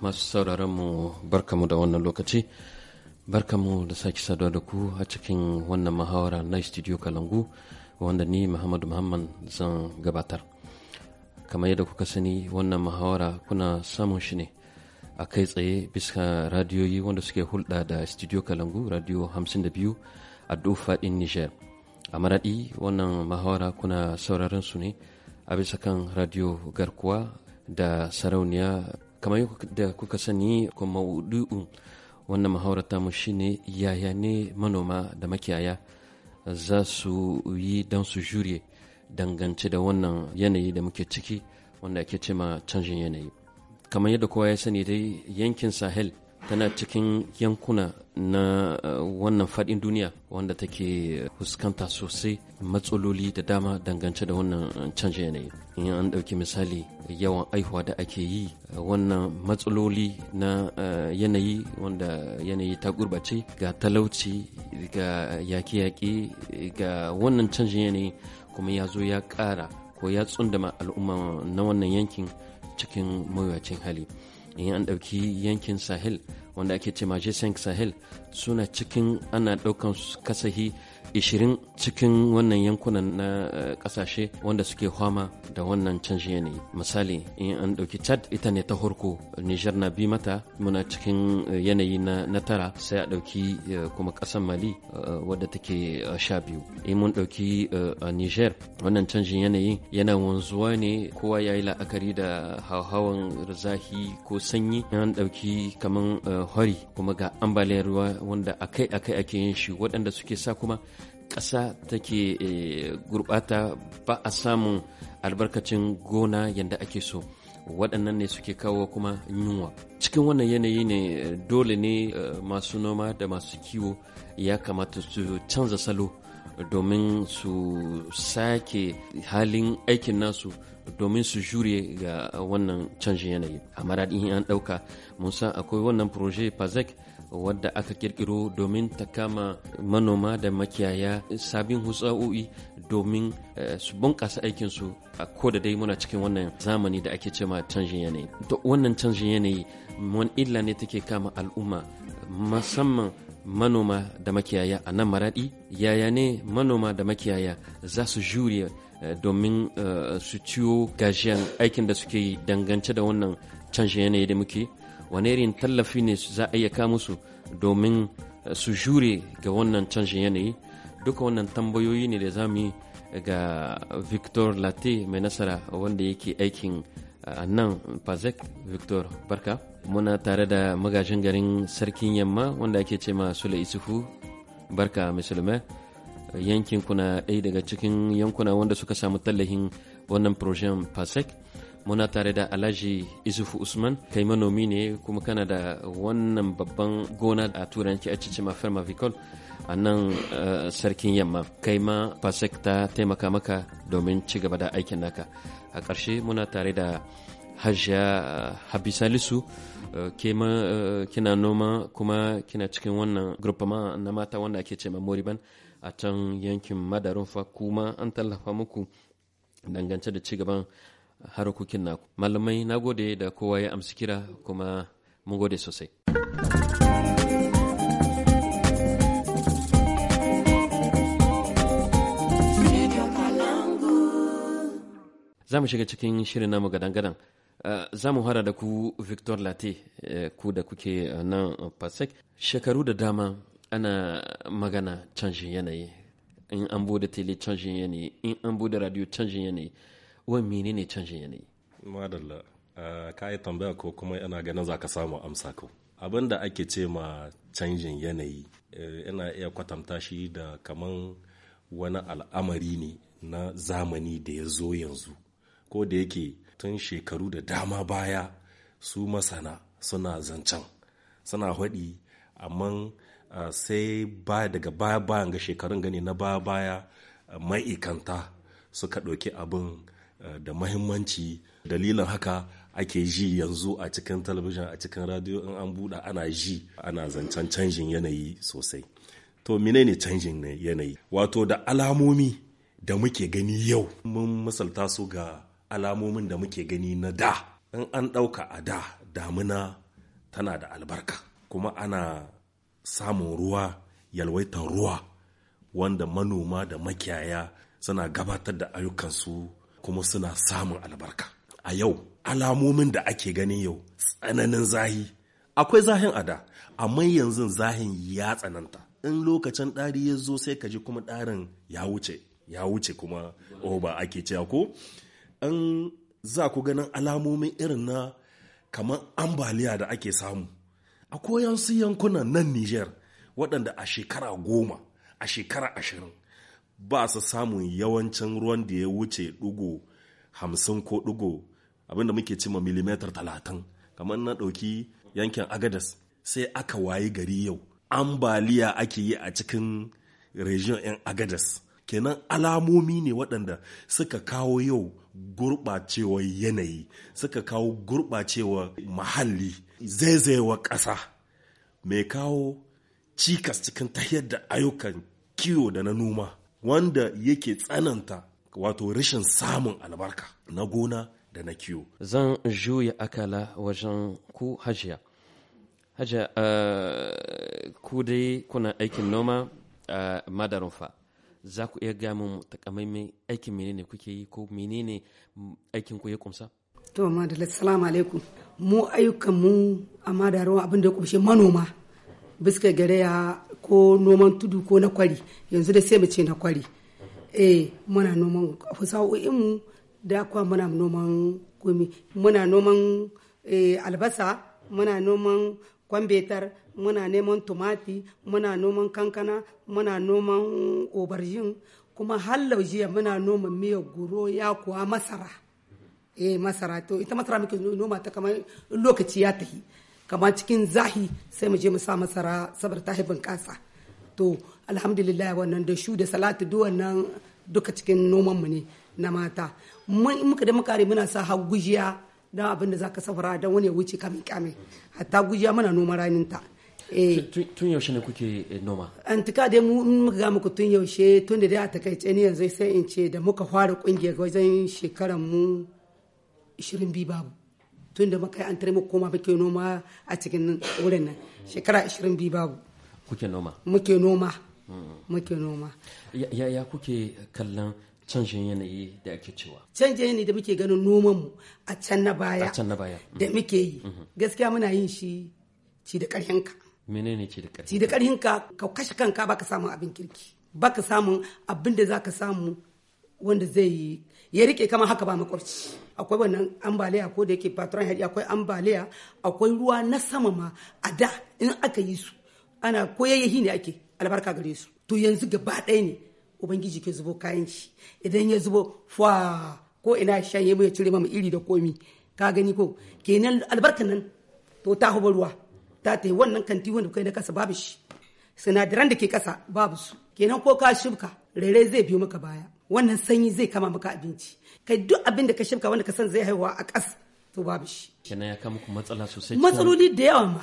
masu sauraron mu barkamu da wannan lokaci barkamu da sake saduwa da ku a cikin wannan mahawara na studio kalangu wanda ni muhammadu muhammad zan gabatar kamar yadda kuka sani wannan muhawara kuna samun shi ne a kai tsaye bisa radiyoyi wanda suke hulɗa da studio kalangu radio 52 a dufa ɗin niger a maraɗi wannan mahawara kuna sauraron su ne a bisa kan radio garkuwa da sarauniya kamar da kuka sani kuma maudu'in wannan muhawarar tamu shine yaya ne manoma da makiyaya za su yi don su jure dangance da wannan yanayi da muke ciki wanda ake cema canjin yanayi kamar yadda kowa ya sani dai yankin sahel tana cikin yankuna na eh, wannan faɗin duniya wanda take fuskanta sosai matsaloli da dama dangance da wannan eh, canjin yanayi in an ɗauki misali yawan aihuwa da ake yi eh, wannan matsaloli na yanayi wanda yanayi ta gurbace ga talauci ga yaƙi yaƙi ga wannan canjin yanayi kuma ya zo ya ƙara ko ya tsundama al'umma na wannan yankin cikin mawuyacin hali in an ɗauki yankin sahel wanda ake ce ma Sahel suna cikin ana ɗaukan kasahi 20 cikin wannan yankunan na kasashe eh, wanda suke hama da wannan canjin yanayi misali in an ɗauki chad ita ne ta horko nijar na bi mata muna cikin eh, yanayi na tara sai a ɗauki eh, kuma ƙasar mali wadda take sha biyu in mun ɗauki a nijar wannan canjin yanayi yana wanzuwa ne kowa ya yi la'akari da hauhawan zahi ko sanyi an ɗauki kamar hori kuma ga ambaliyar ruwa wanda akai-akai ake yin shi waɗanda suke sa kuma ƙasa take eh, gurɓata ba a samun albarkacin gona yadda ake so waɗannan ne suke kawo kuma yunwa cikin wannan yanayi ne eh, dole ne eh, masu noma da masu kiwo ya kamata su canza salo domin su sake halin aikin nasu domin su jure ga wannan canjin yanayi a maradin an ɗauka musa akwai wannan proje pazek wadda aka kirkiro domin ta kama manoma da makiyaya sabin hutsa'o'i domin eh, su bunƙasa aikinsu a ko da dai muna cikin wannan zamani da ake cema canjin yanayi to wannan canjin yanayi wani illa ne take kama al'umma musamman manoma da makiyaya a nan maraɗi yaya ne manoma da makiyaya za su jure eh, domin eh, su ciwo gajiyan aikin da suke yi dangance da wannan canjin yanayi da muke wane irin tallafi ne za a iya ka musu domin eh, su jure ga wannan canjin yanayi duka wannan tambayoyi ne da za mu yi ga victor latte mai nasara wanda yake aikin eh, nan pazek victor barka muna tare da magajin garin sarkin yamma wanda ake ce ma sule isufu barka musulmai yankin kuna ɗaya daga cikin yankuna wanda suka samu tallafin wannan projen pasek muna tare da alhaji isufu usman kai manomi ne kuma kana da wannan babban gona a turanci a cikin mafiyar mavikol a nan eh, sarkin yamma kai ma pasek ta taimaka maka domin ci gaba da aikin naka a ƙarshe muna tare da hajiya eh, Habisa eh, ke ma kina noma kuma kina cikin wannan grupama na mata wanda ake ce moriban a can yankin madarunfa fa kuma an tallafa muku dangance da cigaban harkokin naku malamai na gode da kowa ya amsa kira kuma mun gode sosai za mu shiga cikin shirin namu gadan-gadan eh, za mu hada da ku victor latte eh, ku da kuke eh, nan pasek shekaru da dama ana magana canjin yanayi in an bude tele canjin yanayi in an bude radio canjin yanayi wai menene canjin yanayi madalla ah, ka yi tambaya ko kuma yana ganin za ka samu amsa ko abin da ake ce ma canjin yanayi yana eh, iya kwatanta shi da kaman wani al'amari ne na zamani da ya zo yanzu ko da yake tun shekaru da dama baya su masana suna zancen suna haɗi amma ah, sai ba daga baya bayan ga shekarun gani na baya baya ma'ikanta suka ɗauki abin Eh, da mahimmanci dalilin haka ake ji yanzu a cikin talabijin a cikin radiyo in an buɗe ana ji ana zancen canjin yanayi sosai to ne canjin yanayi wato da alamomi da muke gani yau mun misalta su ga alamomin da muke gani na da in an ɗauka a da damuna tana da albarka kuma ana samun ruwa yalwaitar ruwa wanda manoma da makiyaya suna gabatar da ayyukansu kuma suna samun albarka a yau alamomin da ake gani yau tsananin zahi akwai zahin ada amma yanzu zahin ya tsananta in lokacin ɗari ya zo sai ka ji kuma ɗarin ya wuce ya wuce kuma o ba ake cewa ko in za ku ganin alamomin irin na kamar ambaliya da ake samu akwai yansu yankunan nan Nijar waɗanda a shekara goma a shekara ashirin ba su samun yawancin ruwan da ya wuce ɗugu hamsin ko ɗigo abinda muke cima milimetar talatin kamar na ɗauki yankin agadas sai aka wayi gari yau ambaliya ake yi a cikin region 'yan agadas kenan alamomi ne waɗanda suka kawo yau gurɓacewar yanayi suka kawo gurɓacewar muhalli zaizayewar ƙasa mai kawo cikas cikin tahiyar da ayyukan kiwo da na noma wanda yake tsananta wato rashin samun albarka na gona da na kiwo. Zan juya akala wajen ku hajiya. Hajiya, eh, ku dai kuna aikin noma a eh, madarufa fa. Za ku iya gamin takamaimai aikin menene kuke yi ko menene aikin ku ya kumsa? To, madalla, salamu alaikum. Mu ayyukan mu a madarin abin da ya kumshe manoma. biska gareya ko noman tudu ko na kwari yanzu da sai mu ce na kwari eh muna noman mu da kwa muna noman gumi muna noman eh, albasa muna noman kwambetar muna neman tumati muna noman kankana muna noman obarjin kuma har laujiya muna noman miyar goro ya kuwa masara eh masara to ita masara muke noma ta kamar lokaci ya tafi kama cikin zahi sai mu je mu sa masara sabar ta haifin kasa to alhamdulillah wannan da shu da salatu duk wannan duka cikin noman mu ne na mata mun muka da mukare muna sa har gujiya don abin da zaka safara dan wani wuce kamin kamin hatta gujiya muna noma ranin ta eh tun yaushe ne kuke eh, noma an tuka da mu muka ga muku tun yaushe tun da dai a takaice ne yanzu sai in ce da muka fara kungiyar wajen shekaran mu 22 babu tun da makai an tare koma muke noma a cikin wurin nan shekara 20 bi babu kuke noma muke noma muke noma ya ya kuke kallon canjin yanayi da ake cewa canjin yanayi da muke ganin noman mu a can na baya a can na baya da mm. muke yi mm-hmm. gaskiya muna yin shi ci da karhin ka menene ci da karhin ci da karhin ka ka kashe kanka baka samun abin kirki baka samun abin da zaka samu wanda zai ya rike kama haka ba makwabci akwai wannan ambaliya ko da yake patron head akwai ambaliya akwai ruwa na sama ma a da in aka yi su ana koyayyahi ne ake albarka gare su to yanzu gaba ɗaya ne ubangiji ke zubo kayan shi idan ya zubo fa ko ina shanye ya cire mama iri da komi ka gani ko kenan albarkan nan to ta huba ruwa ta ta wannan kanti wanda kai na kasa babu shi sinadaran da ke kasa babu su kenan ko ka shibka rere zai biyo maka baya wannan sanyi zai kama maka abinci kai duk abin da ka shimka wanda ka san zai haihuwa a kas to babu shi kenan ya kama ku matsala sosai matsaloli da yawa ma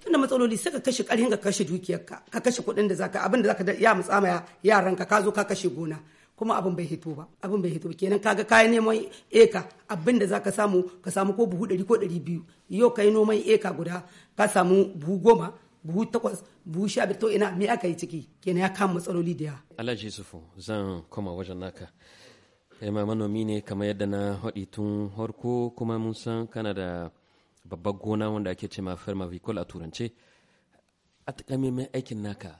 tunda matsaloli sai ka kashe ƙarhin ka kashe dukiyarka ka kashe kuɗin da zaka abin da zaka ya mutsama yaranka ka zo ka kashe gona kuma abin bai hito ba abin bai hito kenan kaga kayan neman eka abin da zaka samu ka samu ko buhu 100 ko 200 biyu yau kai noman eka guda ka samu buhu goma buhu takwas buhu sha biyar to ina me aka yi ciki kenan ya kama matsaloli da yawa alhaji yusufu zan koma wajen naka kai ma manomi ne kamar yadda na haɗi tun harko kuma mun san kana da babbar gona wanda ake ce ma vermavicol a turance a mai aikin naka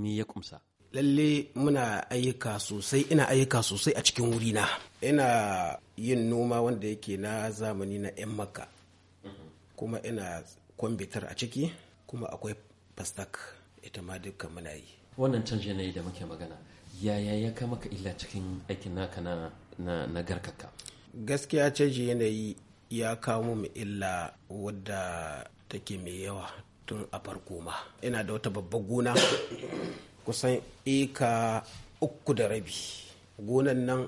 me ya kumsa lalle muna ayyuka sosai ina ayyuka sosai a cikin wurina ina yin noma wanda yake na zamani na 'yan maka mm-hmm. kuma ina kwambitar a ciki kuma akwai fastak ita ma duka muna yi wannan canji yanayi da muke magana yaya ya kama ka illa cikin aikin naka na na, na garkaka gaskiya canji yanayi ya kawo mu illa wadda take mai yawa tun a farko ma ina da wata babbar gona kusan eka uku da rabi gonan nan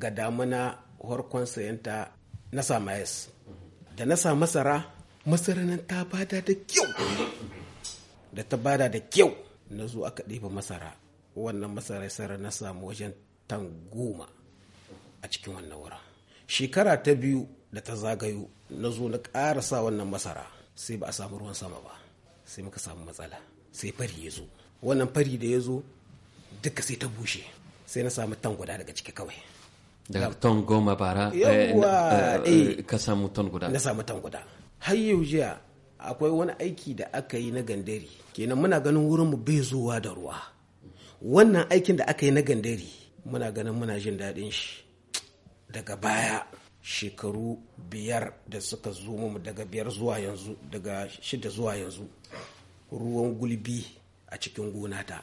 ga damuna harkon sayanta na samayas da na sa masara masarar ta bada da kyau da ta bada da kyau na zo aka ɗeba masara wannan masara na samu wajen tan goma a cikin wannan wurin shekara ta biyu da ta zagayo na zo na ƙarasa wannan masara sai ba a samu ruwan sama ba sai muka samu matsala sai fari ya zo wannan fari da ya zo duka sai ta bushe sai na samu tan guda daga ciki kawai daga tan goma bara eh, eh, eh, ka samu tan guda na samu tan guda har yau jiya akwai wani aiki da aka yi na gandari kenan muna ganin wurinmu bai zuwa da ruwa wannan aikin da aka yi na gandari muna ganin muna jin daɗin shi daga baya shekaru biyar da suka zo mu daga biyar zuwa yanzu daga shida zuwa yanzu ruwan gulbi a cikin gonata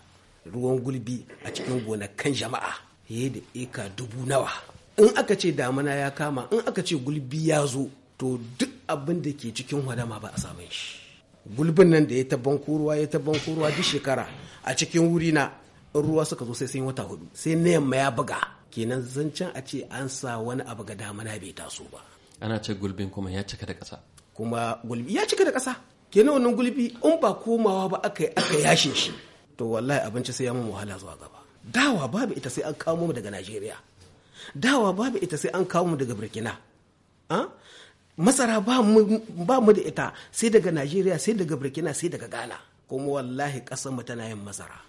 ruwan gulbi a cikin gona kan jama'a fiye da eka dubu nawa in aka ce damana ya kama in aka ce gulbi ya zo to duk abin da ke cikin wadama ba a same shi gulbin nan da ya taban banko ya taban banko duk shekara a cikin wuri na ruwa suka zo sai sun yi wata hudu sai na yamma ya buga kenan zancen a ce an sa wani abu ga damana bai taso ba ana ce gulbin kuma ya cika da ƙasa kuma gulbi ya cika da ƙasa kenan wannan gulbi in ba komawa ba aka aka yashe shi to wallahi abinci sai ya mu wahala zuwa gaba dawa babu ita sai an kawo mu daga Najeriya dawa babu ita sai an kawo mu daga Burkina ah? masara ba mu da ita sai daga najeriya sai daga burkina sai daga ghana kuma wallahi mu tana yin masara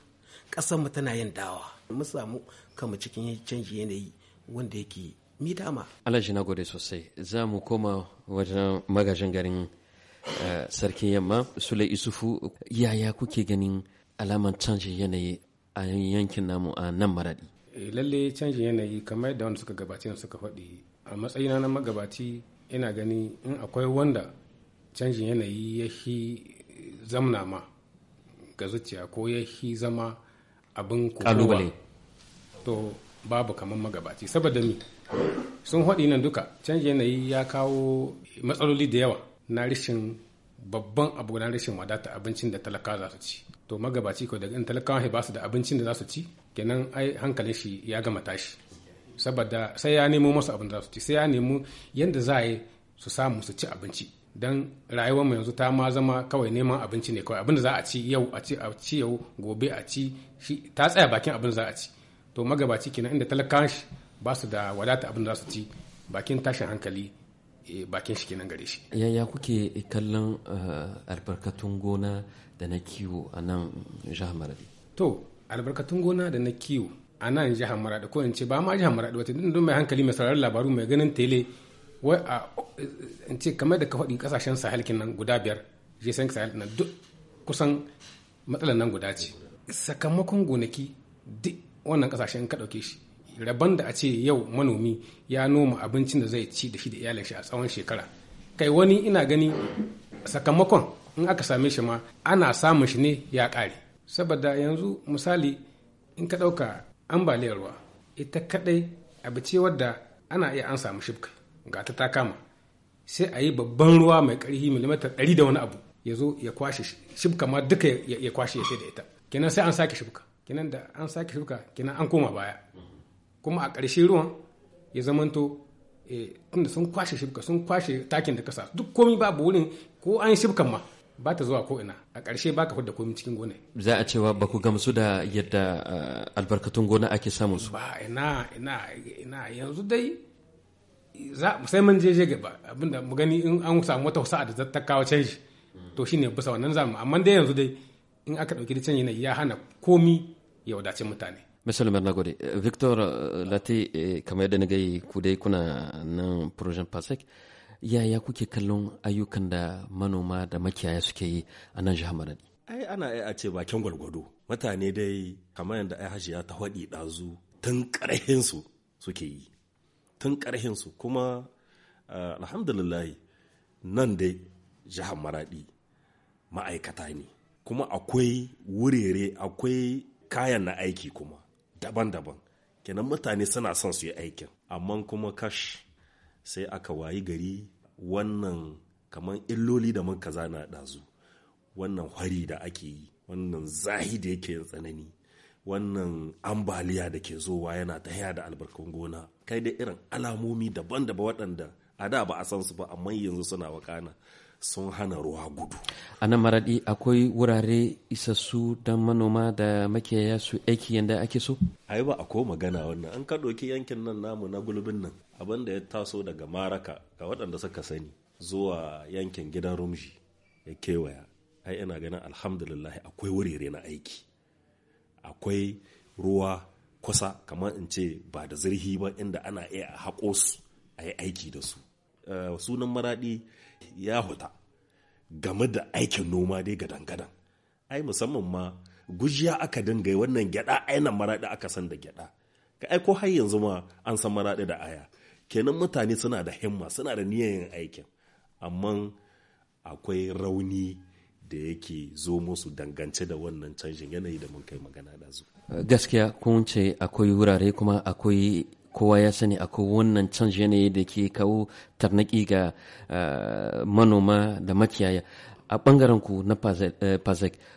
mu tana yin dawa mu samu kama cikin canji yanayi wanda yake mi dama alhaji na gode sosai za mu koma wajen magajin garin eh, sarki yamma sule isufu yaya kuke ganin alaman canjin yanayi a yankin namu a nan maradi eh, lalle canjin yanayi kamar yadda wanda suka gabaci suka faɗi a matsayina na magabati ina gani in akwai wanda canjin yanayi ya fi zamna ma ga zuciya ko ya fi zama abin kuma to babu kamar magabaci saboda mi sun haɗi nan duka canjin yanayi ya kawo matsaloli da yawa na rishin babban abu na rashin wadata abincin da talaka za su ci to magabaci ko daga in talakawa ba su da abincin da za su ci kenan ai hankalin shi ya gama tashi saboda sai ya nemo masu abin da su ci sai ya nemo yadda za a yi su samu su ci abinci don rayuwar mu yanzu ta ma zama kawai neman abinci ne kawai abin da za a ci yau a ci a ci yau gobe a ci ta tsaya bakin abin za a ci to magabaci kenan inda talakawa shi ba su da wadata abin da za su ci bakin tashin hankali eh, bakin shi kenan gare shi yaya kuke kallon eh, albarkatun gona da na kiwo a nan jihar maradi to albarkatun gona da na kiwo a nan jihar maradi ko in ce ba ma jihar maradi wata dindin mai hankali mai sauraron labaru mai ganin tele wai a in ce kamar da ka faɗi kasashen sahel nan guda biyar jisan sahel nan duk kusan matsalar nan guda ce sakamakon gonaki duk wannan kasashen ka ɗauke shi rabon da a ce yau manomi ya noma abincin da zai ci da shi da iyalin shi a tsawon shekara kai wani ina gani sakamakon in aka same shi ma ana samun shi ne ya ƙare saboda yanzu misali in ka ɗauka ambaliyar ruwa ita kadai abu ce wadda ana iya an samu shifka ga ta ta kama sai a yi babban ruwa mai karfi milimetar ɗari da wani abu ya zo ya kwashe shifka ma duka ya kwashe ya da ita kenan sai an sake shifka kenan da an sake shifka kenan an koma baya kuma a ƙarshe ruwan ya zamanto eh, tunda sun kwashe shifka sun kwashe takin da kasa duk komi babu wurin ko an shifkan ma ba ta zuwa ko a ƙarshe ba ka fudda komi cikin gona za a cewa ba ku gamsu da yadda eh, albarkatun gona ake samun su ba ina ina yanzu dai za sai mun je je gaba abinda mu gani in an samu wata sa'a da ta kawo canji to shine bisa wannan zamu amma dai yanzu dai in aka dauki da canji na ya hana komi ya wadace mutane misali mai nagode victor lati eh, kamar yadda na gai ku dai kuna nan projet pasek yaya kuke kallon ayyukan da manoma da makiyaya suke yi a nan jihar maradi ai ana ai a ce bakin gwargwado mutane dai kamar yadda ai hajiya ta faɗi ɗazu tun ƙarhin su suke yi tun ƙarhin su kuma eh, alhamdulillah nan dai jihar maradi ma'aikata ne kuma akwai wurere akwai kayan na aiki kuma daban-daban kenan mutane suna son su yi aikin amma kuma kash sai aka wayi gari wannan kamar illoli da muka zana ɗazu wannan hari da ake yi wannan zahi da yake tsanani wannan ambaliya da ke zowa yana ta haya da albarkun gona kai da irin alamomi daban-daban waɗanda a da ba a san su ba amma yanzu suna wakana sun hana ruwa gudu a nan maraɗi akwai wurare isassu don manoma da makiyaya su aiki yadda ake so ai ba a ko magana wannan an ka yankin nan namu na gulbin nan abin da ya taso daga maraka ga waɗanda suka sani zuwa yankin gidan rumji ya kewaya ai ina ganin alhamdulillah akwai wurare na aiki akwai ruwa kusa kamar in ce ba da zirhi ba inda ana iya haƙo su a yi aiki da su Eh, sunan maraɗi ya huta game da aikin noma dai gadan-gadan ai musamman ma gujiya aka dinga wannan gyada ainihin maraɗi aka san da gyada ka ai ko har yanzu ma an san maraɗi da aya kenan mutane suna da himma suna da niyan aikin amma akwai rauni da yake zo musu dangance da wannan canjin yanayi da mun kai magana da zu gaskiya kun ce akwai wurare kuma akwai kowa ya sani akwai wannan canji yanayi da ke kawo tarnaki ga eh, manoma da makiyaya a bangaren ku na pazak eh,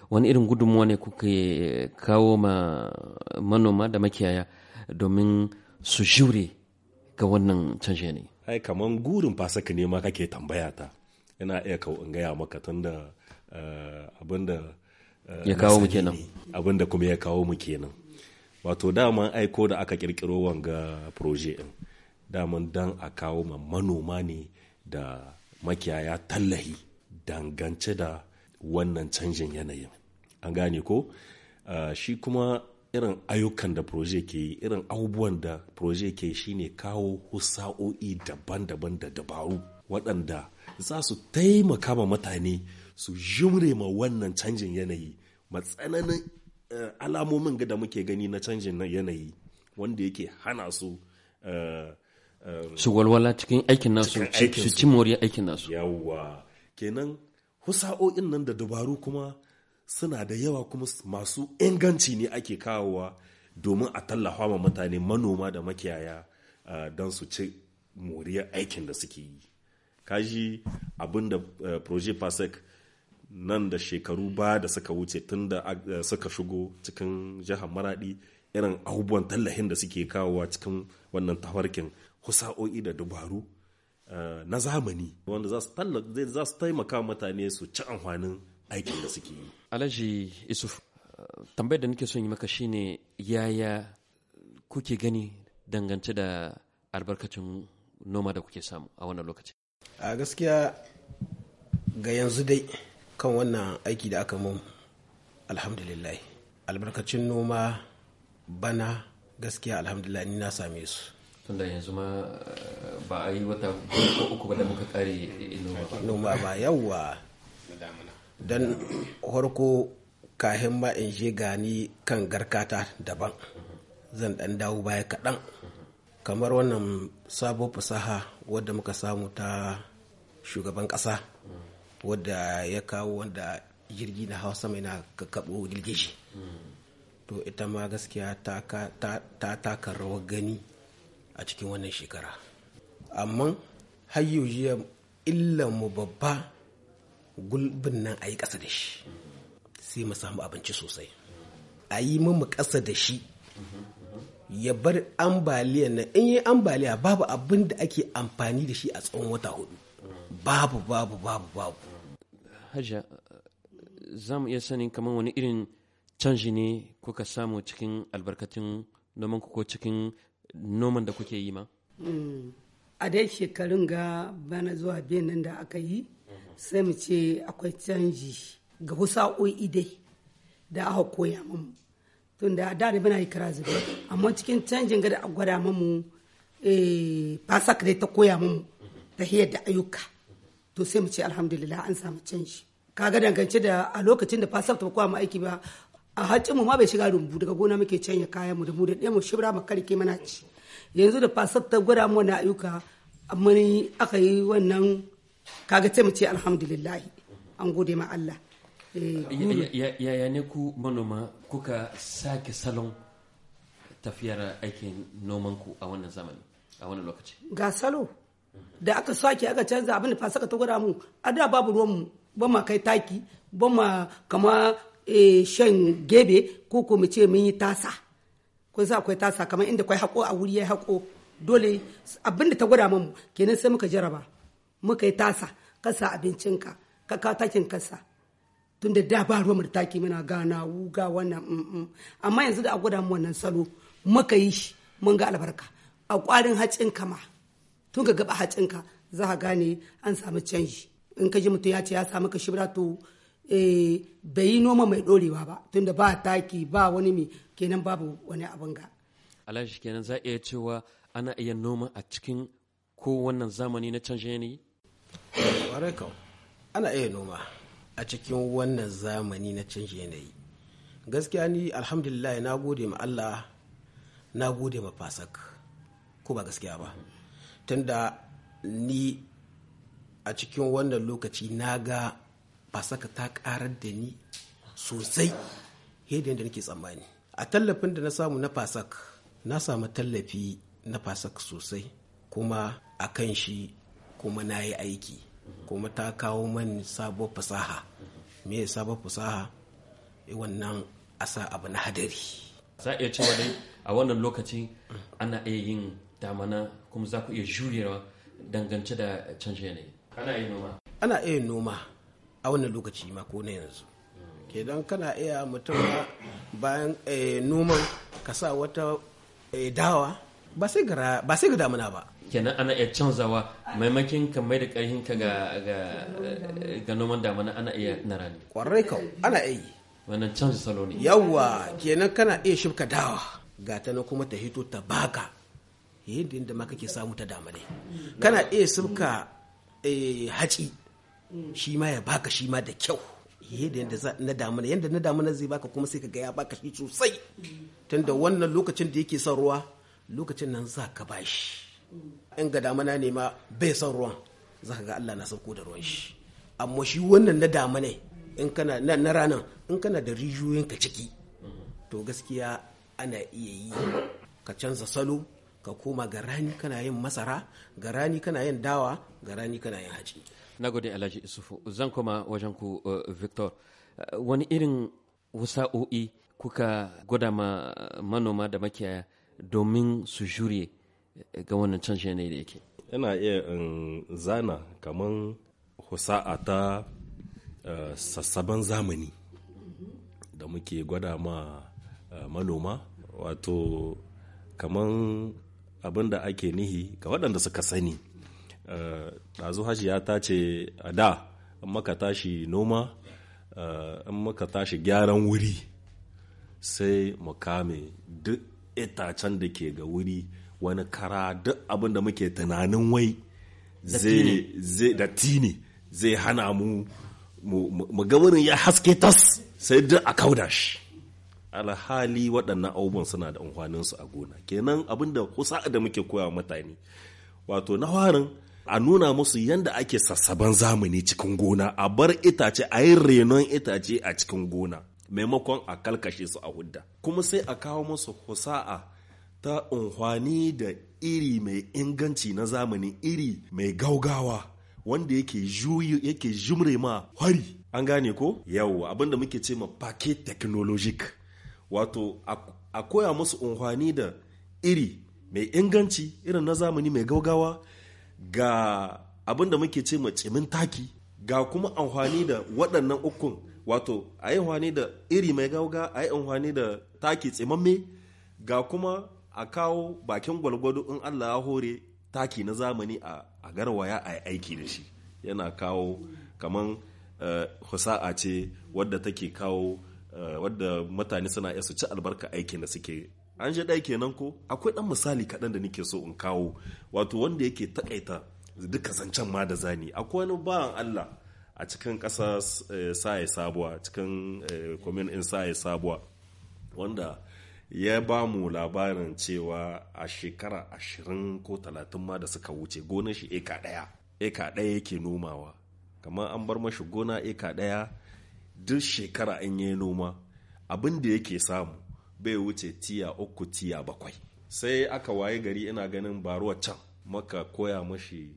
wani irin gudunmuwa ne kuke kawo ma manoma da makiyaya domin su jure ga wannan canji yanayi ai kaman gurin fasak ne ma kake tambaya ta yana iya kawo in gaya maka tunda eh, abinda ya kawo mu kenan abinda kuma ya kawo mu kenan wato daman aiko da aka kirkiro wanga proje din daman dan a kawo ma manoma ne da makiyaya tallahi dangance da wannan canjin yanayin an gane ko shi kuma irin ayyukan da proje ke yi irin abubuwan da proje ke shine kawo husa'o'i daban-daban da dabaru waɗanda za su taimaka ma mutane su jimre ma wannan canjin yanayi matsananin Eh, alamomin da muke gani na canjin na yanayi wanda yake hana su eh, eh, su walwala cikin aikin nasu su ci moriyar aikin nasu yawwa kenan husa'o'in nan da dabaru kuma suna da yawa kuma masu inganci ne ake kawowa domin a tallafa ma mutane manoma da makiyaya don su ci moriyar aikin da suke yi kaji abin da project pasek nan da shekaru ba da suka wuce tun da eh, suka shigo cikin jihar maradi irin abubuwan tallahin da suke kawowa cikin wannan tafarkin husa'o'i da dubaru eh, na zamani wanda za su taimaka mutane su ci amfanin aikin da suke yi alhaji isuf eh, tambayar da nake son yi maka shine yaya kuke gani dangance da albarkacin noma da kuke samu a wannan lokaci a gaskiya ga yanzu dai kan wannan aiki da aka mun alhamdulillah albarkacin noma bana gaskiya alhamdulillah ni na same su tunda yanzu ma eh, ba a yi wata uku ba da muka kare noma ba noma ba yawa don harko kahin ma in je gani kan garkata daban zan dan dawo baya kaɗan kamar wannan sabo fasaha wadda muka samu ta shugaban ƙasa wadda ya kawo wanda jirgi na hausa mai na kakabo girgishi to ita ma gaskiya ta taka rawa gani a cikin wannan shekara amma har jiya illan mu babba gulbin nan a yi ƙasa da shi sai mu samu abinci sosai a yi mu ƙasa da shi ya bar ambaliya na in yi ambaliya babu abin da ake amfani da shi a tsawon wata hudu babu babu babu babu haja za mu iya sanin kamar wani irin canji ne kuka samu cikin albarkatun nomanku ko cikin noman da kuke yi ma? Mm. a dai shekarun ga bana zuwa benin da aka yi sai mu ce akwai canji ga o'i dai da aka koya mamu tun da da muna yi kira zuba amma cikin canjin gada da a gwada mamu eh, fasak dai ta koya mamu ta hiyar da ayyuka to sai mu ce alhamdulillah an samu canji kaga dangance da a lokacin da fasaf ta mu aiki ba a hancin mu ma bai shiga rumbu daga gona muke canya kayan mu da mu da ɗaya mu shibra mu karke mana ci yanzu da fasaf ta gwada mu wani ayyuka ni aka yi wannan kaga sai mu ce alhamdulillah an gode ma Allah yaya eh, ne ku manoma kuka sake salon tafiyar aikin ku a wannan zamani a wannan lokaci ga salo da aka sake aka canza abin da fa saka ta gwada mu a da babu ruwanmu ba ma kai taki ba ma kama eh, shan gebe ko ko mu ce mun yi tasa kun sa akwai tasa kamar inda kwai hako a wuri ya hako dole abin da ta gwada mu kenan sai muka jaraba muka yi tasa kasa abincinka ka ka takin kasa tun da da ba ruwan taki muna gana wuga wannan mm, mm. amma yanzu da a gwada mu wannan salo muka yi shi mun ga albarka a kwarin hacin kama tun ka gaba hacinka za ka gane an samu canji in ka ji mutum ya ce ya samu ka shibra to eh, bai yi noma mai dorewa ba tunda ba taki ba wani mai kenan babu wani abin ga alhaji kenan za iya cewa ana iya noma a cikin ko wannan zamani na canji ne ana iya noma a cikin wannan zamani na canji yanayi gaskiya ni alhamdulillah na gode ma Allah na gode ma fasak ko ba gaskiya ba tunda ni a cikin wannan lokaci na ga fasaka ta karar da ni sosai yadda da nake tsammani a tallafin da na samu na fasak na samu tallafi na fasak sosai kuma a kan shi kuma na yi aiki kuma ta kawo mani sabon fasaha me ya sabon fasaha eh, wannan asa abu na hadari za a iya cewa dai a wannan lokaci ana iya yin damana kuma za ku iya jurewa dangance da canjin yanayi ana iya noma ana iya noma a wannan lokaci ma ko na yanzu kenan kana iya mutum bayan eh, noman ka sa wata eh, dawa ba sai ga damuna ba kenan ana iya canzawa maimakin ka mai da karhin ka ga noman damuna ana iya na rani kwarai kau ana iya yi wannan canza salo ne yawwa kenan kana iya shibka dawa ga ta na kuma ta hito ta baka yadda yadda ma kake samu ta damane kana iya sulka eh, haci shi ma ya baka shi ma da kyau yadda yadda na damana yadda na zai baka kuma sai ka ga ya baka shi sosai tunda wannan lokacin da yake son ruwa lokacin nan za ka bashi in ga damana ne ma bai son ruwan za ka ga Allah na sauko da ruwan shi amma shi wannan na damana in kana na ranar in kana da rijiyoyin ka ciki to gaskiya ana iya yi ka canza salo ka koma ga rani kana yin masara ga rani kana yin dawa ga rani kana yin haji na gode alhaji isufu zan koma wajen ku uh, victor uh, wani irin wasa'o'i kuka gwada ma manoma da makiyaya domin su jure uh, ga wannan canji yanayi da yake yana iya in zana kamar husa'a ta sassaban zamani da muke gwada ma manoma wato kamar abin da ake nihi ga waɗanda suka sani eh, ɗazu hajiya ta ce a da in maka tashi noma eh, in maka tashi gyaran wuri sai mu kame duk itacen da ke ga wuri wani kara duk abin da muke tunanin wai zai ne, zai hana mu mu ga wurin ya haske tas sai duk a kauda alhali waɗannan abubuwan suna da amfaninsu a gona kenan abin da kusa da muke koya wa mutane wato na warin a nuna musu yadda ake sassaban zamani cikin gona a bar itace a yi renon itace a cikin gona maimakon a kalkashe su a hudda kuma sai a kawo musu husa'a ta unhwani da iri mai inganci na zamani iri mai gaugawa wanda yake juyi yake jumre ma hari an gane ko yawo abinda muke ce ma paket technologique wato a koya musu unhwani da iri mai inganci irin na zamani mai gaugawa ga abin da muke ce cimin taki ga kuma amfani da waɗannan ukun wato a yi amfani da iri mai gauga a yi amfani da taki tsimamme ga kuma a kawo bakin gwalgwado in allah ya hore taki na zamani a garwaya a yi aiki da shi yana kawo kamar eh, husa'a ce wadda take kawo Eh, wadda mutane suna iya su ci albarka aikin da suke an shi ɗaya kenan ko akwai ɗan misali kaɗan da nake so in kawo wato wanda yake taƙaita duka zancen ma da zani akwai wani bawan allah a cikin ƙasa eh, saye sabuwa cikin kwamin eh, in saye sabuwa wanda ya ba mu labarin cewa a shekara ashirin ko talatin ma da suka wuce gonar shi eka ɗaya eka ɗaya yake nomawa kamar an bar mashi gona eka ɗaya duk shekara in yi noma abin da yake samu bai wuce tiya uku tiya bakwai sai aka waye gari ina ganin baruwa can maka koya mashi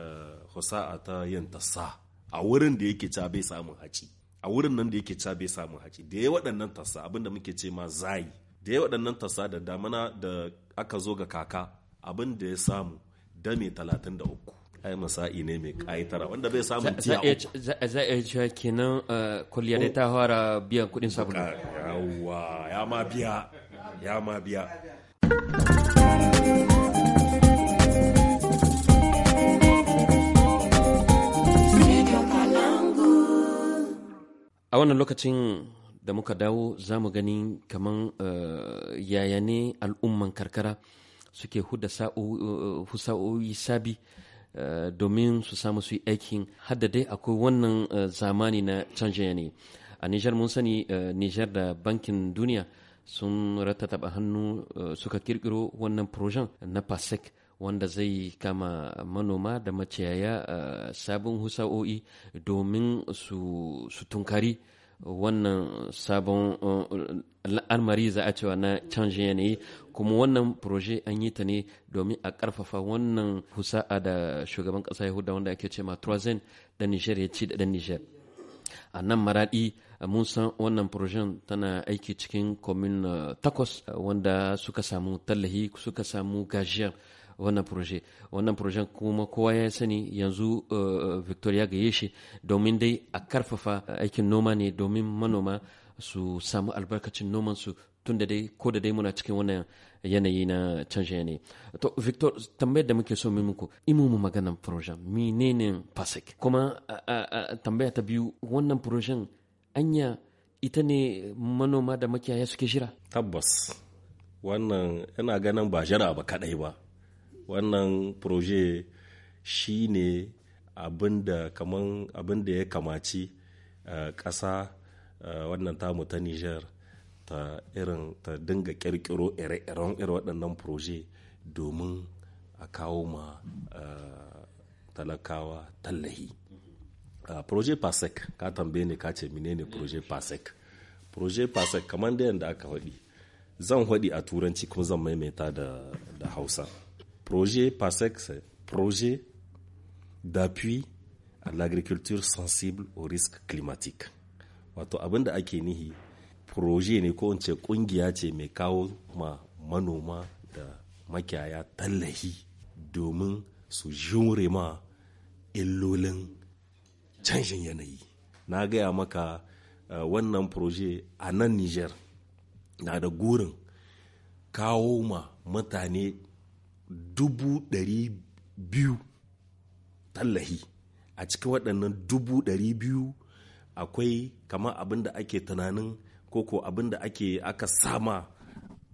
eh, husa'a ta yin tassa a wurin da yake ca bai samun haci a wurin nan da yake ca bai samun haci da ya waɗannan tassa abin da muke ce ma zayi da ya waɗannan tassa da damana da aka zo ga kaka abin da ya samu dame talatin da uku ai masa'i ne mai kayitara wanda bai samun tiya za a cewa kenan uh, kulliyar ta fara biyan kudin sabulu yawa ya ma biya ya ma biya a wannan lokacin da muka dawo za mu gani kamar uh, yaya ne al'umman karkara suke hudu uh, sa'o'i sabi Eh, domin su samu su yi aikin hadda dai akwai wannan eh, zamani na canjin yanayi a nijar mun sani eh, nijar da bankin duniya sun ba hannu suka kirkiro wannan projan na pasek wanda zai kama manoma da maciyaya sabon husa'o'i domin su tunkari wannan sabon uh, al'amari za a cewa na canjin yanayi kuma wannan proje an yi ta ne domin a karfafa wannan husa'a da shugaban ƙasa yahuda wanda ake ce ma trozen da nijar ya ci da dan nijar a nan maraɗi mun san wannan projen tana aiki cikin komin uh, takwas uh, wanda suka samu tallahi suka samu gajiyar wannan proje wannan projen kuma kowa ya sani yanzu eh, eh, victoria gaye shi domin dai a karfafa eh, aikin noma ne domin manoma su samu albarkacin nomansu tun da dai ko da dai muna cikin wannan yanayi na canja yanayi to victor tambayar da muke so mu muku imu mu maganan projen menene pasik kuma tambaya ta biyu wannan projen anya ita ne manoma da makiyaya suke jira tabbas wannan yana ganin ba jira ba kadai ba wannan proje shi ne abin da ya kamaci eh, ƙasa eh, wannan tamu ta niger ta irin ta dinga kirkiro ire-iren irin waɗannan proje domin a kawo ma eh, talakawa tallahi proje pasek ka tambaye ne ka ce menene proje pasek proje pasek kamar da yadda aka faɗi zan faɗi a turanci kuma zan maimaita da hausa projet PASEC, c'est projet d'appui à l'agriculture sensible au risque climatique wato abin da ake nihi projet ne ko ce kungiya ce mai kawo ma manoma da makiyaya tallahi domin su jure ma illolin canjin yanayi na gaya maka eh, wannan proje a nan niger na da gurin kawo ma mutane dubu ɗari biyu tallahi a cikin waɗannan dubu ɗari biyu akwai kamar abin da ake tunanin koko abin da ake aka sama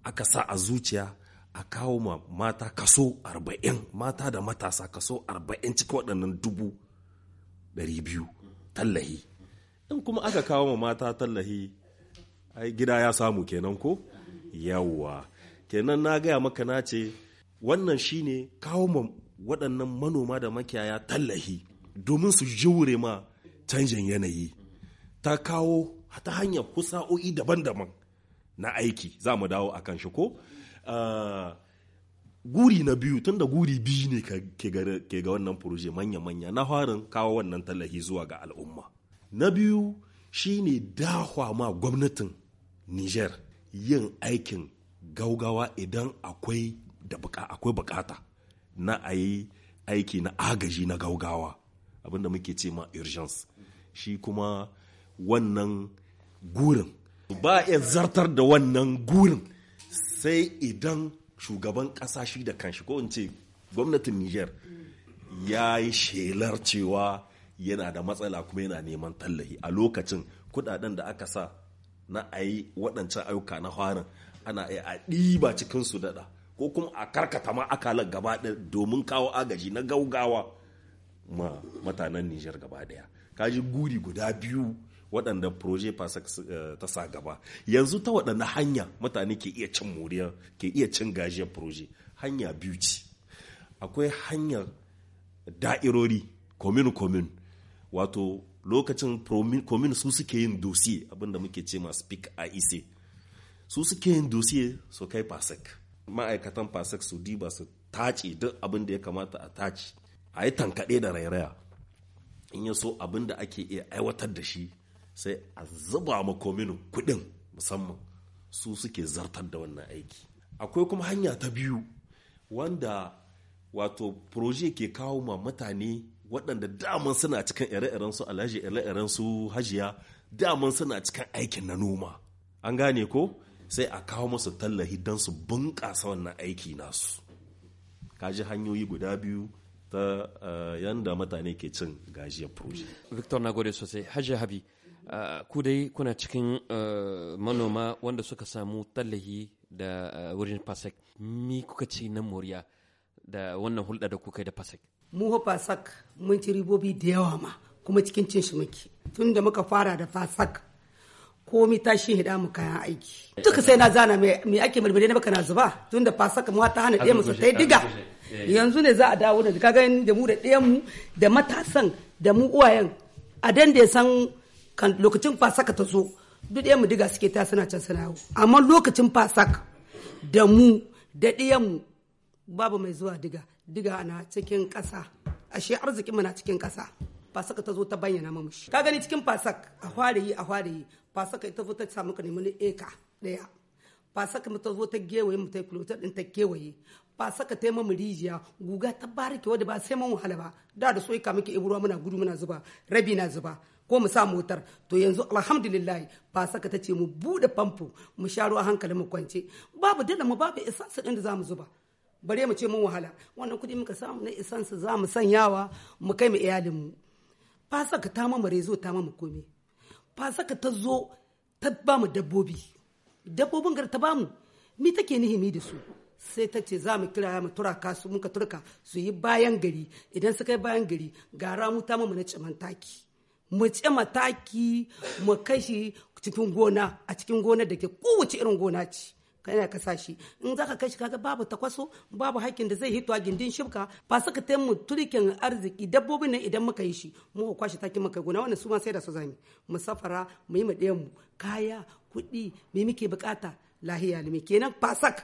aka sa a zuciya a kawo ma mata kaso arba'in mata da matasa kaso arba'in cikin waɗannan dubu ɗari biyu tallahi in kuma aka kawo ma mata tallahi ai gida ya samu kenan ko yawwa kenan na gaya maka na ce wannan shine kawo ma waɗannan manoma da makiyaya tallahi domin su jure ma canjin yanayi ta kawo ta hanyar kusao'i daban-daban na aiki za mu dawo a kan shi ko ah, guri na biyu tun da guri biyu ne ke ga wannan furuje manya-manya na harin kawo wannan tallahi zuwa ga al'umma na biyu shine dahwa ma gwamnatin niger yin aikin gaugawa idan akwai da akwai bukata na a yi aiki na agaji na gaugawa abinda muke ce ma urgence shi kuma wannan gurin ba iya zartar da wannan gurin sai idan shugaban ƙasa da kanshi ko in ce gwamnatin niger ya yi shelar cewa yana da matsala kuma yana neman tallahi a lokacin kudaden da aka sa na a yi waɗancan ayyuka na harin ana iya a ɗiba cikinsu su daɗa ko kuma a karkata ma akalar gaba domin kawo agaji na gaugawa ma mutanen Nijar gaba daya kaji guri guda biyu waɗanda proje eh, ta sa gaba yanzu ta waɗanda hanya mutane ke iya cin moriya ke iya cin gajiyar proje hanya biyu ce akwai hanyar da'irori komin komin wato lokacin komin su suke yin dosiye abinda muke ce ma speak ise su suke yin dosiye su kai fasek ma'aikatan fasek su diba su tace duk abin da ya kamata a tace a yi tankaɗe da rairaya in ya so abin da ake iya aiwatar da shi sai a zuba ma kominu kuɗin musamman su suke zartar da wannan aiki akwai kuma hanya ta biyu wanda wato proje ke kawo ma mutane waɗanda daman suna cikin ire-iren su alhaji ire-iren su hajiya daman suna cikin aikin na noma an gane ko sai a kawo musu tallahi don su bunƙasa wannan aiki nasu kaji hanyoyi guda biyu ta eh, yanda mutane ke cin gajiyar proje. victor na gode sosai hajji habi eh, ku dai kuna cikin eh, manoma wanda suka samu tallahi da wurin pasek mi kuka ci na moriya da wannan hulɗa da kuka da pasek mu pasek mun ci ribobi da yawa ma kuma cikin cin shi muke tun da muka fara da fasak komi ta shi hida mu kayan aiki duka sai na zana me ake marmari na baka na zuba tun da fasa kama ta hana ɗaya musu ta diga eh. yanzu ne za a dawo da ka gani da mu da ɗayan mu da matasan da mu uwayen a dan da ya san lokacin fasaka ta zo duk ɗayan mu diga suke ta suna can suna yau. amma lokacin fasaka da mu da ɗayan mu babu mai zuwa diga diga na cikin ƙasa ashe arzikin mu na cikin ƙasa Fasaka ta zo ta bayyana mamushi ka gani cikin fasak a hware a hware fasaka ita zo ta samu ka eka daya fasaka ta zo ta gewaye mu ta kulota din ta gewaye ka ta mamu rijiya guga ta barike wadda ba sai mun wahala ba da da soyi ka muke ibruwa muna gudu muna zuba rabi na zuba ko mu sa motar to yanzu alhamdulillah ba ka ta ce mu buɗe famfo mu sha ruwa hankali mu kwance babu dala mu babu isansu ɗin da zamu zuba bare mu ce mun wahala wannan kudi muka samu na isansu zamu sanyawa mu kai mu iyalin mu ba saka ta mama rezo ta mama komai fasaka ta zo ta ba mu dabbobi dabbobin gar ta ba mu mi take nihimi da su sai ta ce za mu kira mu ka su muka turka su yi bayan gari idan suka yi bayan gari gara mu ta mu na ciman taki mu ce mataki mu kashi cikin gona a cikin gona da ke kowace irin gona ce kana ka sa shi in zaka kai shi kaga babu takwaso babu hakkin da zai hito a gindin shibka ba suka tayi mu turkin arziki dabbobin nan idan muka yi shi mu kwashi takin muka gona wannan su ma sai da su zami mu safara mu yi mu ɗayan mu kaya kuɗi me muke bukata lahiya ne kenan fasak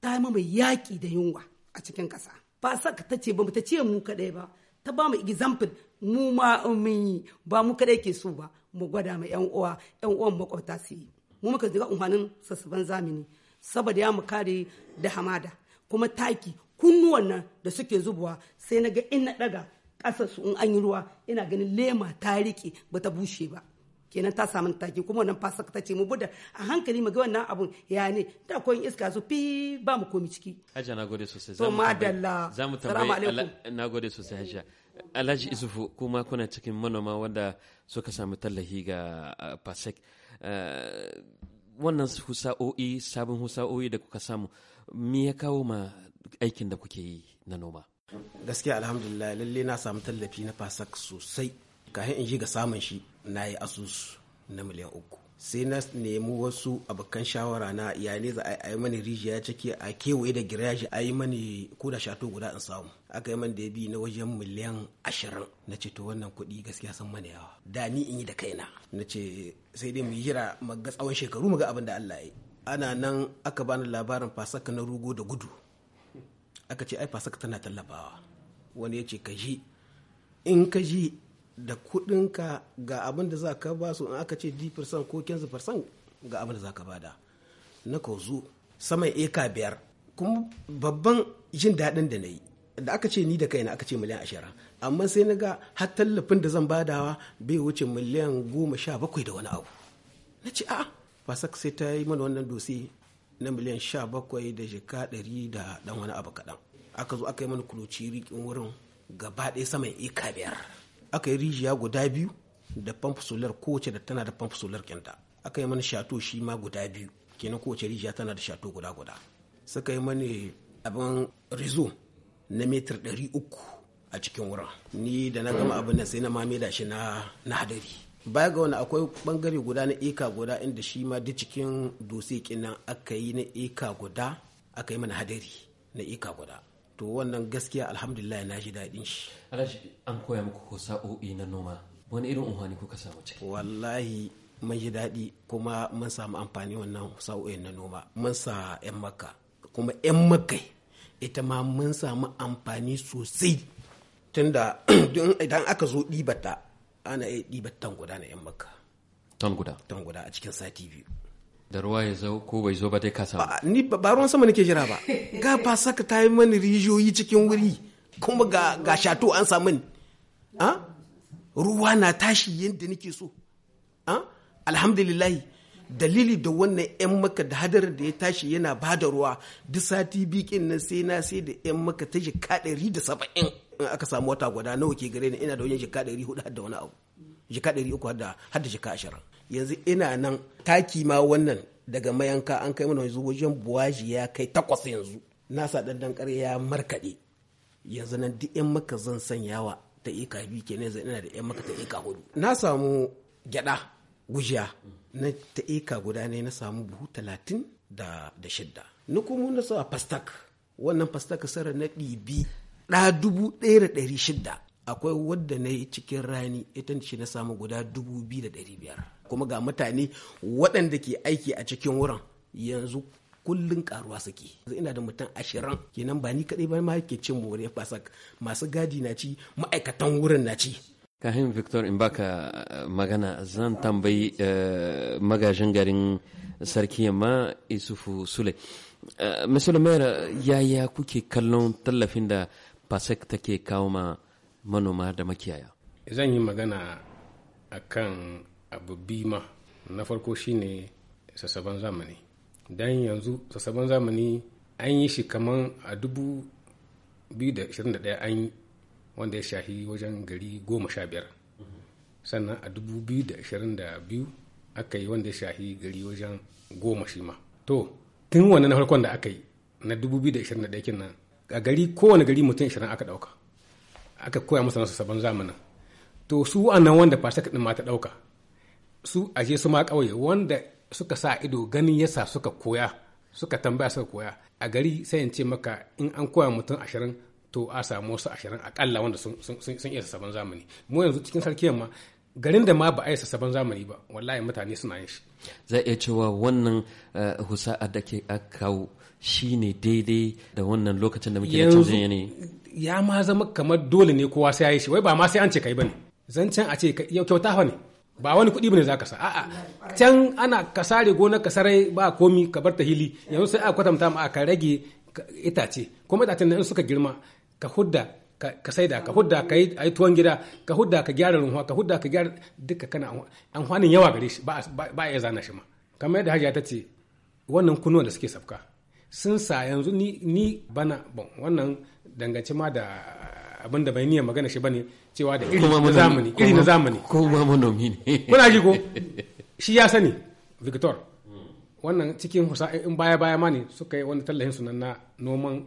ta yi mai yaƙi da yunwa a cikin ƙasa fasak ta ce ba mu ta ce mu kaɗai ba ta ba mu example mu ma mun yi ba mu kaɗai ke so ba mu gwada ma 'yan uwa 'yan uwan makwabta su yi mu muka jira umarnin sassaban zamani saboda ya mu kare da hamada kuma taki kunnuwan nan da suke zubuwa sai na ga ina daga ƙasar su in an yi ruwa ina ganin lema ta rike ta bushe ba kenan ta samu taki kuma wannan fasak ta ce mu buda a hankali mu ga wannan abun ya ne da ko iska su fi ba mu komi ciki hajja nagode sosai to madalla zamu tambaye nagode sosai hajja Alhaji Isufu kuma kuna cikin manoma wanda suka samu tallahi ga uh, Pasek. Eh, wannan sa'o'i sabon husa'o'i da kuka samu me ya kawo ma aikin da kuke yi na noma gaskiya alhamdulillah lalle na samu tallafi na fasak sosai kafin in ga samun shi na yi asusu na miliyan uku sai na nemi wasu abokan shawara na iyalai za a yi mani rijiya ciki a kewaye da giraji a yi mani ko da shato guda in samu aka yi man da ya bi na wajen miliyan ashirin na ce to wannan kuɗi gaskiya sun mana yawa da ni in yi da kaina na ce sai dai mu yi jira mu tsawon shekaru mu ga abin da Allah ya yi ana nan aka bani labarin fasaka na rugo da gudu aka ce ai fasaka tana tallafawa wani ya ce ka ji in ka ji da kuɗinka ga abin da za ka ba su in aka ce 10% ko 15% ga abin da za ka ba bada na zo. saman eka biyar kuma babban jin daɗin da na yi da aka ce ni da kaina aka ce miliyan ashirin amma sai na ga har tallafin da zan badawa bai wuce miliyan goma sha bakwai da wani abu na ce a'a fasak sai ta yi mana wannan dosi na miliyan sha bakwai da shika ɗari da ɗan wani abu kaɗan aka zo aka yi mana kuloci rikin wurin gaba ɗaya saman eka biyar aka yi rijiya guda biyu da famfo solar kowace da tana da famfo solar kyanta aka yi mana shato shi ma guda biyu kenan kowace rijiya tana da shato guda guda suka yi mana abin rizo na metar 300 uku a cikin wurin ni da na gama abin nan sai na mame da shi na hadari baya ga wani akwai bangare guda na eka guda inda shi ma duk cikin dutse kinan aka yi na eka guda aka yi mana hadari na eka guda to wannan gaskiya alhamdulillah na ji daɗin shi an koya muku ko sa'o'i na noma wani irin unhwani kuka samu ciki wallahi mun ji daɗi kuma mun samu amfani wannan sa'o'i na noma mun sa 'yan maka kuma 'yan makai ita ma mun samu amfani sosai tunda idan aka zo ɗibata ana iya ɗibar tan guda na 'yan maka tan guda tan guda a cikin sati biyu da ruwa ya zo ko bai zo ba dai ka samu ni ba ruwan sama nake jira ba ga ba saka ta yi mani rijiyoyi cikin wuri kuma ga ga shato an samu ah? ruwa na tashi yadda nake so ah? alhamdulillahi dalili da wannan 'yan maka da hadarin da ya tashi yana ba da ruwa duk sati bikin nan sai na sai da 'yan maka ta jika ɗari da saba'in in aka samu wata guda nawa ke gare ni ina da wajen jika ɗari hudu har da wani abu jika ɗari uku har da jika ashirin yanzu ina nan taki ma wannan daga mayanka an kai mana yanzu wajen buwaji ya kai takwas yanzu na sa ɗanɗan ƙarya ya markaɗe yanzu nan duk 'yan maka zan sanyawa ta eka biyu kenan yanzu ina da 'yan maka ta eka hudu na samu gyada. gujiya na ta eka guda ne na samu buhu talatin da shidda na kuma na sa fastak wannan pastak sarar na ɗibi ɗa dubu ɗaya da ɗari shidda akwai wadda na yi cikin rani ita ce na samu guda dubu biyu da ɗari biyar kuma ga mutane waɗanda ke aiki a cikin wurin yanzu kullun karuwa suke ina da mutum ashirin kenan ba ni kaɗai ba ma ke cin more fasak masu gadi na ci ma'aikatan wurin na ci kahin victor in baka magana zan tambayi eh, magajin garin sarki yamma isufu sule eh, mr ya yaya kuke kallon tallafin da pasek take kawo ma manoma da makiyaya zan yi magana a kan abu bima na farko shine sassaban zamani don yanzu sassaban zamani an yi shi kamar a 2021 an wanda ya shahi wajen gari goma sha biyar sannan a dubu biyu da da biyu aka yi wanda ya shahi gari wajen goma shi ma to tun wani na farkon da aka yi na dubu biyu da da nan a gari kowane gari mutum 20 aka ɗauka aka koya masa nasu sabon zamanin to su wa'annan wanda su kaɗin ma ta ɗauka su aje su ma ƙauye wanda suka sa ido ganin yasa suka koya suka tambaya suka koya a gari sai in ce maka in an koya mutum ashirin to a samu wasu ashirin akalla wanda sun iya sabon zamani mu yanzu cikin sarki ma garin da ma ba a yi sabon zamani ba wallahi mutane suna yin shi za iya cewa wannan eh, husa'a da ke kawo shi ne daidai da wannan lokacin da muke da canjin yanayi ya ma zama kamar dole ne kowa sai ya yi shi wai ba ma sai an ce kai bane zancen a ce yau kyauta fa ne ba wani kuɗi bane za ka sa a'a can ana ka sare gonar ka sarai ba komi ka bar ta hili yanzu sai a kwatanta ma ka rage itace kuma itacen nan suka girma ka hudda ka saida ka hudda ka yi a tuwon gida ka hudda ka gyara runwa ka hudda ka gyara duka kana an hwani yawa gare shi ba ya zana shi ma kamar yadda hajiya ta ce wannan kunuwa da suke safka sun sa yanzu ni bana bon wannan dangance ma da abin da bai niyan magana shi bane cewa da iri na zamani iri na zamani ko ma manomi ne kuna ji ko shi ya sani victor wannan cikin husa in baya baya ma ne suka yi wani tallahin sunan na noman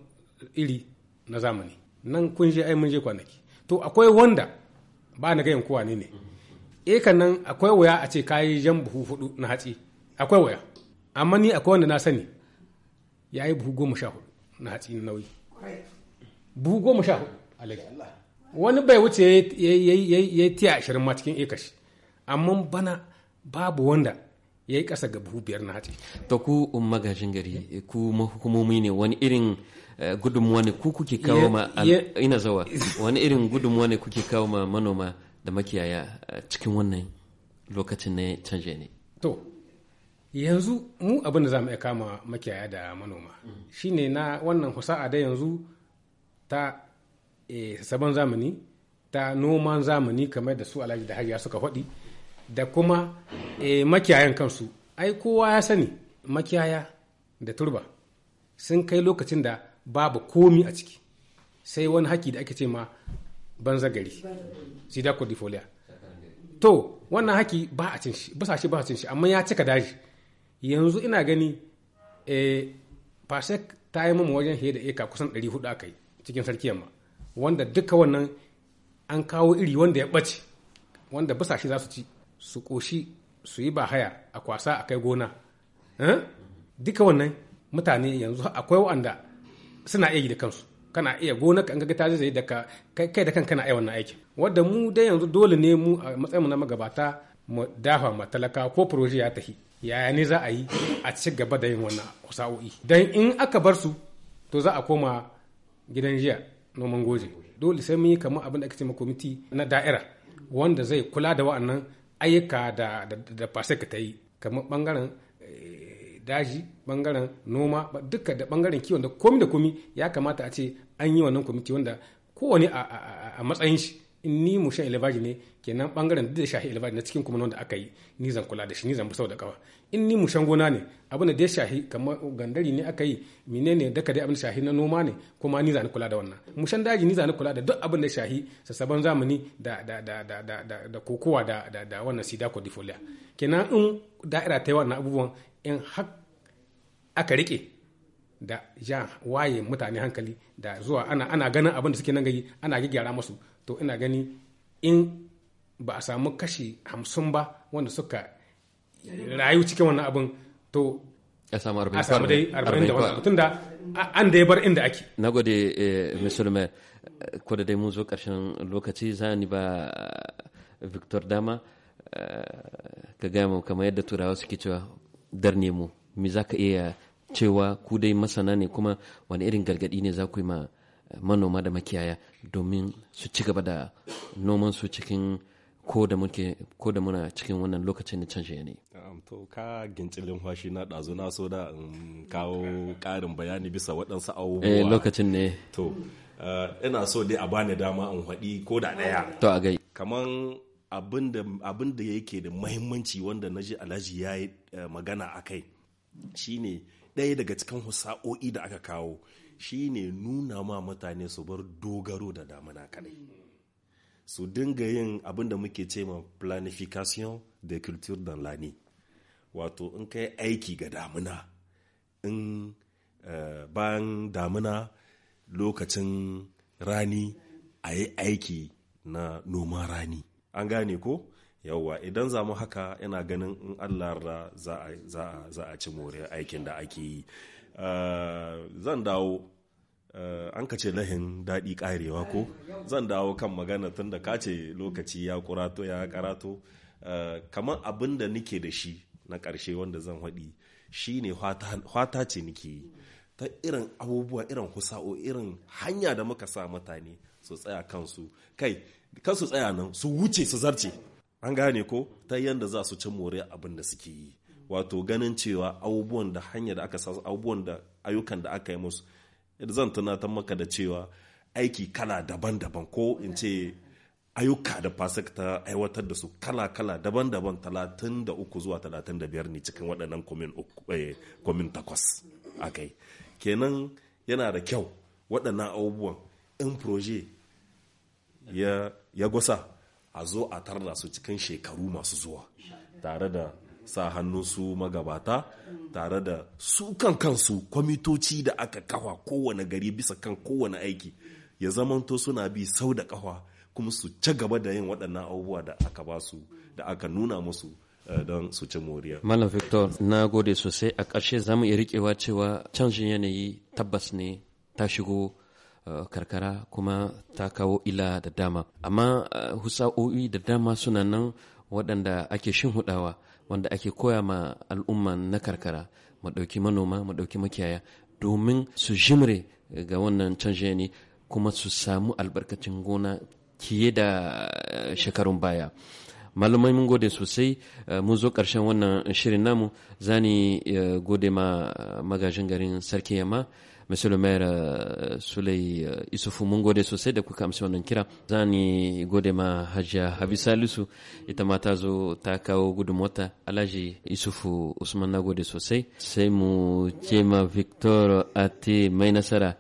iri na zamani nan kun je ai mun je kwanaki to akwai wanda ba na gayan kowa ne ne e nan akwai waya a ce kayi jan buhu hudu na hatsi akwai waya amma ni akwai wanda na sani ya yi buhu goma sha hudu na hatsi na nauyi buhu goma sha hudu alaƙi wani bai wuce ya yi tiya ashirin ma cikin ekashi amma bana babu wanda ya yi ƙasa ga buhu biyar na hatsi. To ku um, magasin gari ku mahukumomi ne wani irin Eh, gudunmuwa ne ku kuke kawo ma ina zawa wani irin gudunmuwa ne kuke kawo ma manoma da makiyaya eh, cikin wannan lokacin na canje ne to yanzu mu abin da za mu iya kama makiyaya da manoma shine na wannan husa'a da yanzu ta eh, sabon zamani ta noman zamani kamar da su alhaji da hajiya suka faɗi da kuma makiyayan kansu ai kowa ya sani makiyaya da turba sun kai lokacin da babu komi a ciki sai wani haki da ake ce ma banza gari sida cordifolia to wannan haki ba a cin shi ba shi ba a cin shi amma ya cika daji yanzu ina gani eh pasek ta yi mamu wajen da eka kusan 400 aka yi cikin sarki yamma wanda duka wannan an kawo iri wanda ya ɓace wanda bisa shi za su ci su ƙoshi su yi ba haya a kwasa a kai gona eh? duka wannan mutane yanzu akwai wa'anda suna iya yi da kansu kana iya gona ka ga ta zai da kai da kan kana iya wannan aikin wanda mu dai yanzu dole ne mu a matsayin mu na magabata mu dafa ma talaka ko proje ya tafi yaya ne za a yi a ci gaba da yin wannan sa'o'i dan in aka bar su to za a koma gidan jiya noman goje dole sai mun yi kamar abin da ake cewa ma kwamiti na da'ira wanda zai kula da wa'annan ayyuka da da, da, ta yi kamar bangaren eh, daji bangaren noma duka da bangaren kiwon da komi da komi ya kamata a ce an yi wannan kwamiti wanda kowane a matsayin shi in ni mu shan elevaji ne kenan bangaren da shahi elevaji na cikin kuma wanda aka yi ni zan kula da shi ni zan bi sau da kawa in ni mu shan gona ne abin da shahi kamar gandari ne aka yi menene daka dai abin shahi na noma ne kuma ni zan kula da wannan mu shan daji ni zan kula da duk abin da shahi sassaban zamani da da da da da da, kokowa da, da wannan sida ko difolia kenan in da'ira ta yi wannan abubuwan in har aka rike da ja waye mutane hankali da zuwa ana ana ganin abin da suke nan gayi ana gyara musu to ina gani in ba a samu kashi hamsin ba wanda suka rayu cikin wannan abin to a samu dai arba'in da wasu tun da an da ya bar inda ake na gode eh, musulmai ko da dai mun zo karshen lokaci za ni ba eh, victor dama eh, ka gaya mu kamar yadda turawa suke cewa darne mu me za ka iya cewa ku dai masana ne kuma wani irin gargadi ne za ku yi ma eh, manoma da makiyaya domin su ci gaba da noman su cikin ko da muna cikin wannan lokacin da canje yanayi. to ka gincilin fashi na ɗazu na so da in kawo ƙarin bayani bisa waɗansu abubuwa. eh lokacin ne. to eh, ina so dai a bani dama in haɗi ko da ɗaya. to a gai. kaman abin da yake da mahimmanci wanda na ji alhaji ya yi eh, magana a kai shine ɗaya daga cikin husa'o'i da aka kawo shine nuna ma mutane su bar dogaro da damana kadai su dinga yin abin da muke ce ma planification de culture dans lani wato in kai aiki ga damuna in eh, bayan damuna lokacin rani a yi aiki na noman rani an gane ko yawwa idan za mu haka yana ganin in allah za a ci more aikin da ake yi eh, zan dawo eh, an ka ce lahin daɗi karewa ko zan dawo kan magana tun da ka ce lokaci ya kurato ya karato eh, kamar abin da nike da shi na ƙarshe wanda zan haɗi shi ne hwata ce nike yi ta irin abubuwa irin husa'o irin hanya da muka sa mutane su tsaya kansu kai kan su tsaya nan su wuce su zarce an gane ko ta yadda za su ci more abin da suke yi wato ganin cewa abubuwan da hanyar da aka sa abubuwan da ayyukan da aka yi musu zan tunatar maka da cewa aiki kala daban-daban ko in ce ayyuka da fasik ta aiwatar da su kala-kala daban-daban 33 zuwa 35 ne cikin waɗannan komin eh, takwas a kai kenan yana da kyau waɗannan abubuwan in proje ya gusa a zo a tarda su cikin shekaru masu zuwa tare da sa hannun su magabata tare da su kan kansu kwamitoci da aka kawa kowane gari bisa kan kowane aiki ya zamanto suna bi sau da kawa kuma su ci gaba da yin waɗannan abubuwa da aka ba su da aka nuna musu eh, don su ci moriya. Malam Victor, na gode sosai a ƙarshe za mu iya riƙewa cewa canjin yanayi tabbas ne ta shigo Eh, karkara kuma ta kawo ila da dama amma eh, husa'o'i da dama suna nan waɗanda ake hudawa wanda ake koya ma al'umma na karkara mu ɗauki manoma mu ɗauki makiyaya domin su jimre ga wannan canje ne kuma su samu albarkacin gona kiye da eh, shekarun baya malamai mun gode sosai mun zo ƙarshen wannan shirin namu zani gode ma magajin garin sarki yamma Monsieur le maire uh, Sulai uh, Isufu mun gode sosai da kuka amsa wannan kira. Za ni gode ma Hajiya Habi Salisu ita ma ta zo ta kawo gudunmota Alhaji Isufu Usman na gode sosai. Sai mu ce ma Victor Ate mai nasara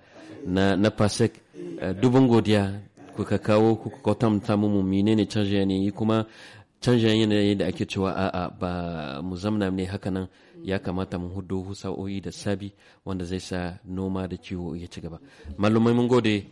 na, na uh, dubin godiya kuka kawo kuka kwatanta mu menene canji yanayi kuma canjin yanayi da ake cewa a'a ba mu zamna ne haka nan ya kamata mu hudu sa'o'i da sabi wanda zai sa noma da ciwo ya ci gaba malumai mun gode